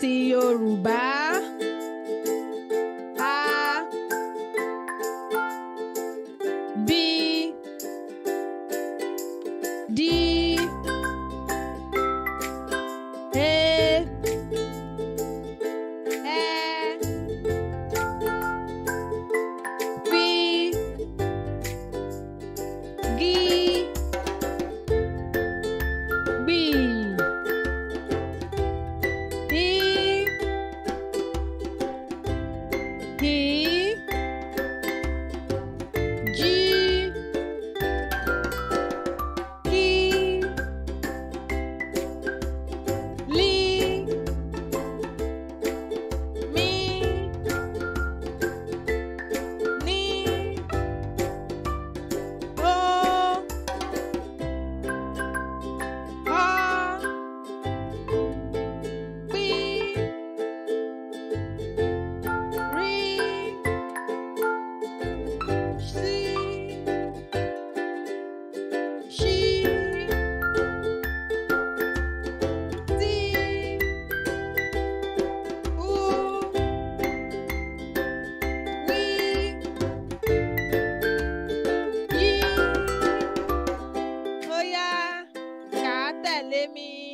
ti Yorùbá. A B D E. Peace. let me